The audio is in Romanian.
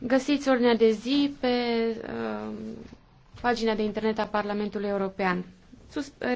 Găsiți ordinea de zi pe uh, pagina de internet a Parlamentului European. Sus